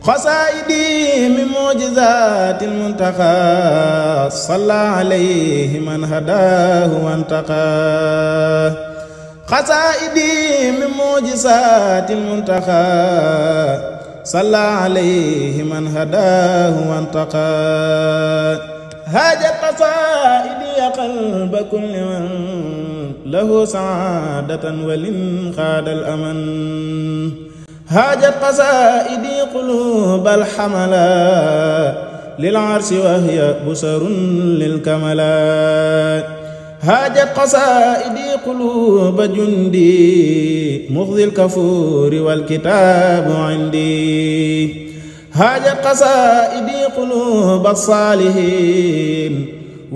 xasaayidi min mujizati lmuntaqa salla alayhi man hadaahu wantaqa xasaayidi min mujizati lmuntaqa salla alayhi man hadaahu wantaqa haajat xasaayidi qalba kulli man lahu saadatan walin xaadal aman haajat qasaa'idi quluubal xamalaa lil arsi wa hiya busarun lil kamalaa haajat qasaa'idi quluuba jundi muxdil kafuuri wal kitaabu indi haajat qasaa'idi quluuba saalihiin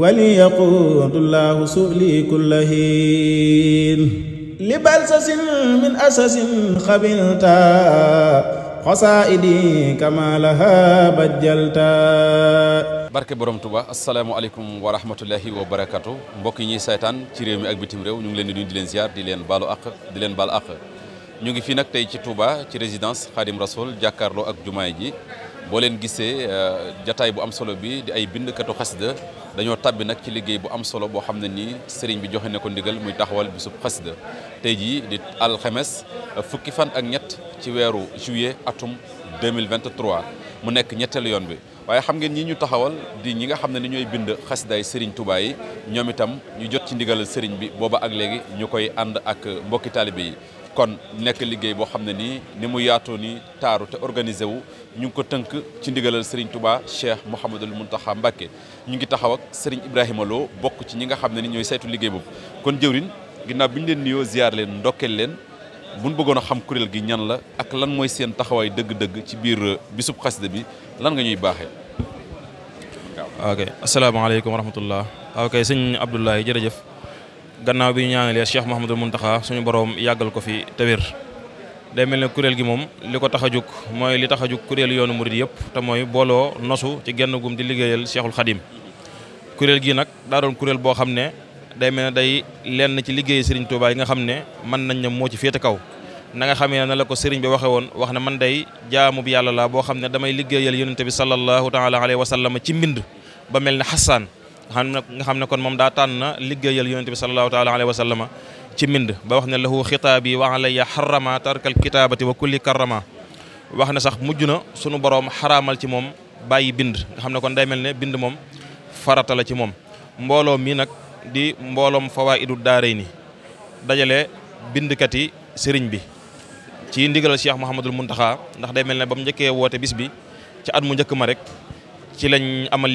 wali yaquudu llaahu su'li kulla hiin li balsasin min asasin xabilta xasaidi kama laha bajjalta barke borom Touba asalaamaaleykum wa rahmatullahi wa barakatu mbokk yi ñuy saytaan ci réew mi ak bitim réew ñu ngi leen di nuyu di leen ziar di leen balo ak di leen baal àq ñu ngi fii nag tey ci Touba ci résidence Khadim Rasoul jàkkaarloo ak jumaay ji boo leen gisee euh, jataay bu am solo bi di ay bindkatu xasida dañoo tabbi nag ci liggéey bu am solo boo xam ne ni sëriñ bi joxe na ko ndigal muy taxawal bisub xasida tey jii di alxemes fukki fan ak ñett ci weeru juillet atum 2023 mu nekk ñetteelu yoon bi waaye xam ngeen ñi ñu taxawal di ñi nga xam ne ni ñooy bind xasidaay sëriñ Touba yi ñoom itam ñu jot ci ndigalal sëriñ bi booba ak léegi ñu koy ànd ak mbokki taalibe yi kon nekk liggéey boo xam ne nii ni mu yaatoo ni taaru te organisé wu ñu ngi ko tënk ci ndigalal Serigne tubaa Cheikh Mouhamadul Mountakha Mbacké ñu ngi taxaw ak Serigne Ibrahima Lo bokk ci ñi nga xam ne ni ñooy saytu liggéey boobu. kon jëwrin ginnaaw bi ñu leen nuyoo ziar leen ndokkeel leen bu ñu bëggoon xam kuréel gi ñan la ak lan mooy seen taxawaay dëgg-dëgg ci biir bisub xasida bi lan nga ñuy baaxee. ok asalaamaaleykum wa rahmatullah jërëjëf. gannaaw bi ñu ñaanalee Cheikh Mouhamadul Mountakha suñu borom yàggal ko fi te day mel ne kuréel gi moom li ko tax a jóg mooy li tax a jóg kuréel yoonu mu murid yëpp te mooy booloo nosu ci genn gum di liggéeyal Cheikhul Khadim kuréel gi nag daa doon kuréel boo xam ne day mel ne day lenn ci liggéey Serigne Touba yi nga xam ne mën nañ ne moo ci féete kaw na nga xamee ne na la ko Serigne bi waxee woon wax ne man day jaamu bi yàlla laa boo xam ne damay liggéeyal yonente bi sallallahu taala alayhi wa sallam ci mbind ba mel ne xasaan xam ne nga xam ne kon moom daa tànn na liggéeyal yonente bi salallahu taala alayhi wa sallama ci mbind ba wax ne lahu xitaabi wa alayya xarama tarkal kitaabati wa kulli karama wax ne sax mujj na sunu boroom xaraamal ci moom bàyyi bind nga xam ne kon day mel ne bind moom farata la ci moom mbooloo mi nag di mbooloom fawaaidul daaray ni dajale bindkat yi sëriñ bi ci ndigalal Cheikh Mouhamadul Muntaxa ndax day mel ne ba mu njëkkee woote bis bi ci at mu njëkk ma rek ci lañ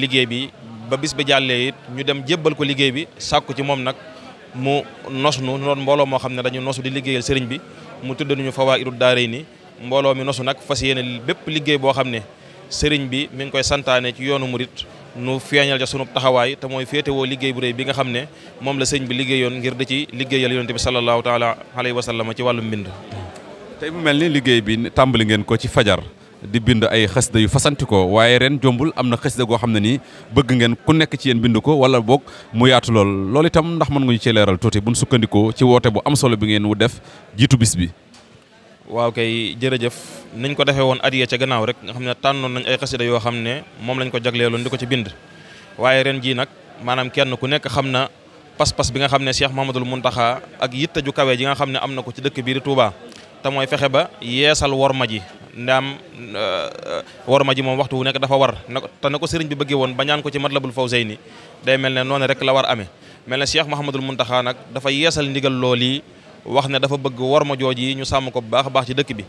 liggéey bi ba bis bi jàllee it ñu dem jébbal ko liggéey bi sàkku ci moom nag mu nos nu noonu mbooloo moo xam ne dañu nosu di liggéeyal sëriñ bi mu tudd nañu Fawaa'idud Daarayni mbooloo mi nosu nag fas yéene bépp liggéey boo xam ne sëriñ bi mi ngi koy santaane ci yoonu murit nu feeñal ca sunu taxawaay te mooy féetewoo liggéey bu réy bi nga xam ne moom la sëriñ bi liggéeyoon ngir di ci liggéeyal yonent bi sallallahu taala alayhi wa sallam ci wàllu mbind tey mu mel ni liggéey bi tàmbali ngeen ko ci fajar di bind ay xasida yu fasanti waaye ren jombul am na xasida goo xam ne nii bëgg ngeen ku nekk ci yéen bind ko wala boog mu yaatu lool loolu itam ndax mën nga ñu cee leeral tuuti buñ sukkandikoo ci woote bu am solo bi ngeen wu def jiitu bis bi. waaw kay jërëjëf niñ ko defee woon adiya ca gannaaw rek nga xam ne tànnoon nañ ay xasida yoo xam ne moom lañ ko jagleeloon di ko ci bind waaye ren jii nag maanaam kenn ku nekk xam na pas-pas bi nga xam ne Cheikh Mamadul Muntaxa ak yitte ju kawe ji nga xam ne am na ko ci dëkk biir Touba te mooy fexe ba yeesal worma ji ndaam euh, euh, worma ji moom waxtu wu nekk dafa war na te na ko sëriñ bi bëggee woon ba ko ci matlabul fawzayni day mel ne noonu rek la war amee mel ne Cheikh Mouhamadul Mountakha nag dafa yeesal ndigal lool yi wax ne dafa bëgg worma jooj yi ñu sàmm ko bu baax a baax ci dëkk bi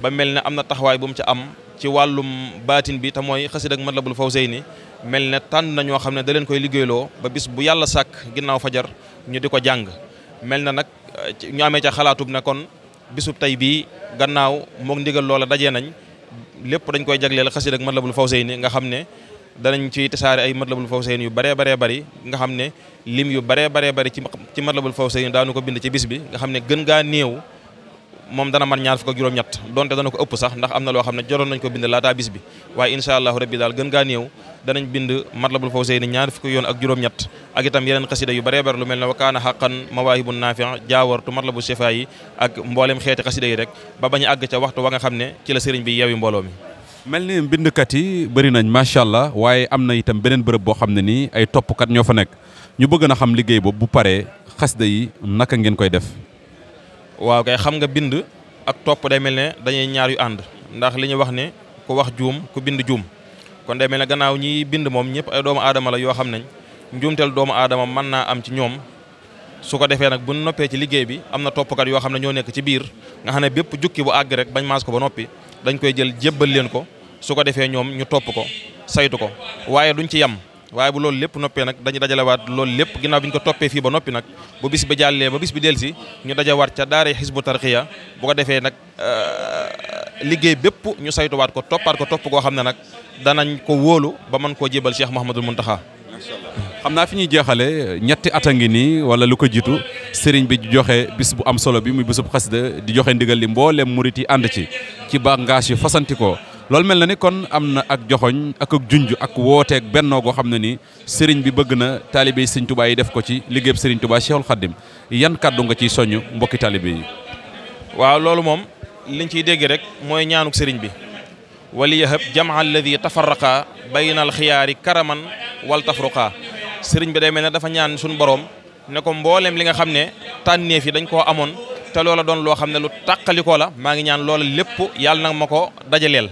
ba mel ne am na taxawaay bu mu ca am ci wàllum baatin bi te mooy xasid ak matlabul fawzayni mel ne tànn na ñoo xam ne da leen koy liggéeyloo ba bis bu yàlla sàkk ginnaaw fajar ñu di ko jàng mel na nag euh, ñu amee bisub tey bii gannaaw moog ndigal loola dajee nañ lépp dañ koy jagleel xasida ak Matlabul Fawzayni nga xam ne danañ ci tasaare ay Matlabul Fawzayni yu baree baree bari nga xam ne lim yu baree baree bari ci Matlabul Fawzayni daanu ko bind ci bis bi nga xam ne gën gaa néew moom dana man ñaar fukk ak juróom-ñett donte dana ko ëpp sax ndax am na loo xam ne joroon nañ ko bind laataa bis bi waaye incha allahu rabbi daal gën gaa néew danañ bind matlabul fawsayni ñaar fukk yoon ak juróom-ñett ak itam yeneen xasida yu bare bare lu mel ne wa kaana xaqan mawaahibu naafi' jaawartu matlabu shifaa yi ak mbooleem xeeti xasida yi rek ba bañu àgg ca waxtu wa nga xam ne ci la sëriñ bi yewi mbooloo mi mel ni mbindkat yi bëri nañ macha allah waaye am na itam beneen bërëb boo xam ne nii ay toppkat ñoo fa nekk ñu bëgg na xam liggéey boobu bu paree xasida yi naka ngeen koy def waaw kay xam nga bind ak topp day mel ne dañuy ñaar yu ànd ndax li ñu wax ne ku wax juum ku bind juum kon day mel ne gannaaw ñii bind moom ñëpp ay doomu aadama la yoo xam nañ njuumteel doomu aadama mën naa am ci ñoom su ko defee nag bu noppee ci liggéey bi am na toppkat yoo xam ne ñoo nekk ci biir nga xam ne bépp jukki bu àgg rek bañ maas ko ba noppi dañ koy jël jébbal leen ko su ko defee ñoom ñu topp ko saytu ko waaye duñ ci yem waaye bu loolu lépp noppee nag dañu dajalewaat loolu lépp ginnaaw bi ñu ko toppee fii ba noppi nag bu bis bi jàllee ba bis bi delsi ñu daja dajawaat ca daara xisbu tarxiya bu ko defee nag euh, liggéey bépp ñu saytuwaat ko toppaat ko topp koo xam ne nag danañ ko wóolu ba mën koo jébal Cheikh Mouhamadul Mountakha. xam naa fi ñuy jeexale ñetti at a ngi nii wala lu ko jiitu sëriñ bi joxe bis bu am solo bi muy bisub xasida di joxe ndigal li mboolem murit yi ànd ci ci bàngaas yu fasantikoo loolu mel na ni kon am na ak joxoñ ak ak junj ak wooteeg bennoo goo xam ne ni sëriñ bi bëgg na taalibe yi sëriñ Tuubaa yi def ko ci liggéeyub sëriñ Tuubaa Cheikhul Khadim yan kàddu nga ciy soññ mbokki taalibe yi. waaw loolu moom liñ ciy dégg rek mooy ñaanuk sëriñ bi. wali yahab jamaa alladi tafarraqa bayna alxiyaari karaman wal tafruqa sëriñ bi day mel ne dafa ñaan suñu borom ne ko mbooleem li nga xam ne tànneef yi dañ koo amoon te loola doon loo xam ne lu tàqalikoo la maa ngi ñaan loola lépp yàlla na ma ko dajaleel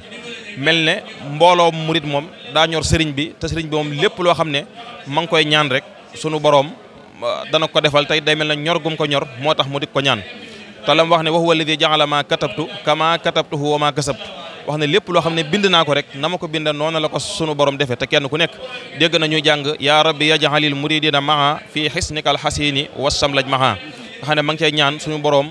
mel ne mbooloo murit moom daa ñor sëriñ bi te sëriñ bi moom lépp loo xam ne ma ngi koy ñaan rek sunu boroom euh, dana ko defal tey day mel ne ñor ko ñor moo tax mu dik ko ñaan te lam wax ne wa huwa alladi jaala ma katabtu kama katabtuhu wa ma kasabtu wax ne lépp loo xam ne bind naa ko rek na ma ko binda noonu la ko sunu borom defee te kenn ku nekk dégg nañu jàng yaa rabbi yaj'alil muridina maha fii xisnikal xasini wasamlaj maha nga xam ne ma ngi cay ñaan suñu borom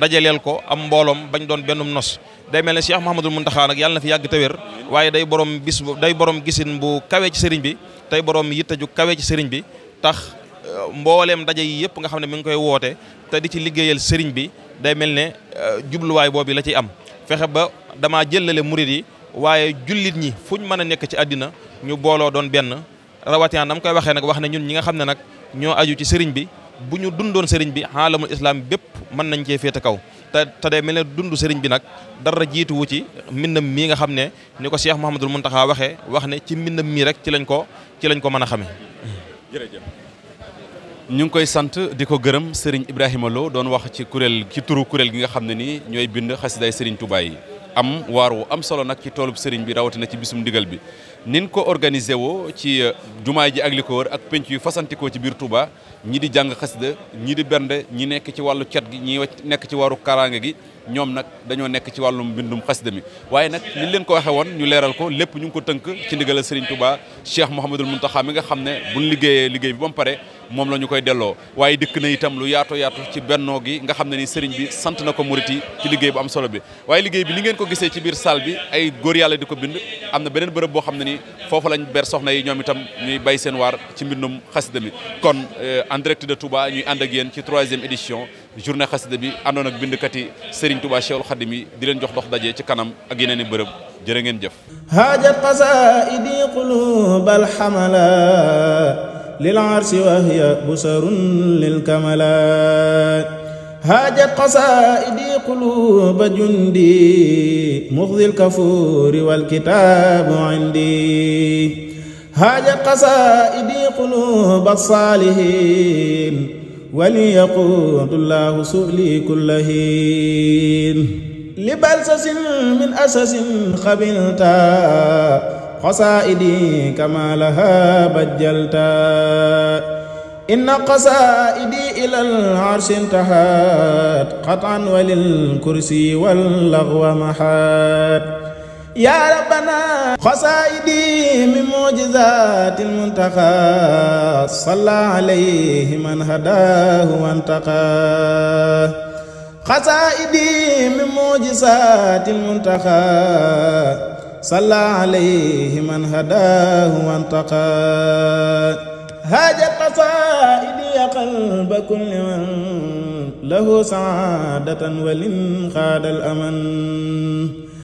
dajaleel ko am mbooloom bañ doon bennum nos day mel ne Cheikh Mouhamadul Mountakha nag yàlla na fi yàgg te wér waaye day borom bis day borom gisin bu kawe ci sëriñ bi tey borom yitte ju kawe ci sëriñ bi tax euh, mbooleem daje yi yëpp nga xam ne mi ngi koy woote te di ci liggéeyal sëriñ bi day mel ne euh, jubluwaay boobu la ciy am fexe ba damaa jëlale murit yi waaye jullit ñi fuñ mën a nekk ci àddina ñu booloo doon benn rawatina nam koy waxee nag wax ne ñun ñi nga xam ne nag ñoo aju ci sëriñ bi bu ñu dundoon sëriñ bi xaalamul islam bépp mën nañ cee féete kaw te te day mel ne dund sëriñ bi nag dara jiituwu ci mbindam mii nga xam ne ni ko Cheikh Mouhamadul Mountakha waxee wax ne ci mbindam mii rek ci lañ ko ci lañ ko mën a xame ñu ngi koy sant di ko gërëm sëriñ Ibrahima Lo doon wax ci kuréel ci turu kuréel gi nga xam ne nii ñooy bind xasidaay sëriñ Touba yi. am waar wu am solo nag ci toolub sëriñ bi rawatina ci bisum ndigal bi nin ko organisé woo ci euh, jumaa ji ak li ko wër ak penc yu fasantikoo ci biir Touba ñi di jàng xasida ñi di bend ñi nekk ci wàllu cet gi ñi nekk ci waru karaange gi ñoom nag dañoo nekk ci wàllum bindum xasida mi waaye nag ni leen ko waxee woon ñu leeral ko lépp ñu ngi ko tënk ci ndigal sëriñ Touba Cheikh Mouhamadul Mountakha mi nga xam ne buñ liggéeyee liggéey bi ba mu pare moom la ñu koy delloo waaye dikk na itam lu yaato yaatu ci bennoo gi nga xam ne ni sëriñ bi sant na ko murit yi ci liggéey bu am solo bi waaye liggéey bi li ngeen ko gisee ci biir salle bi ay góor yàlla di ko bind am na beneen bërëb boo xam ne ni foofu lañ ber soxna yi ñoom itam ñuy bay seen waar ci mbindum xasida mi kon euh, en direct de Touba ñuy ànd ak yéen ci troisième édition journée xasida bi àndoon ak bindkat yi Serigne Touba Cheikhul Khadim yi di leen jox dox daje ci kanam ak yeneen i bërëb jërë ngeen jëf haajat qasaidi qulub al lil arsi wahya busarun lil kamalaat haajat qasaa'idi quluuba jundi muxdil kafuuri wal kitaabu indi haajat qasaa'idi quluuba saalihiin wali yaquudu llaahu su'li kulla hiin li balsasin min asasin xabilta قصائدي كما لها بجلتا إن قصائدي إلى العرش انتهت قطعا وللكرسي واللغو محات يا ربنا قصائدي من معجزات المنتقى صلى عليه من هداه وانتقاه قصائدي من معجزات المنتقى صلى عليه من هداه وانتقى هاجت قصائدي قلب كل من له سعادة ولن خاد الأمن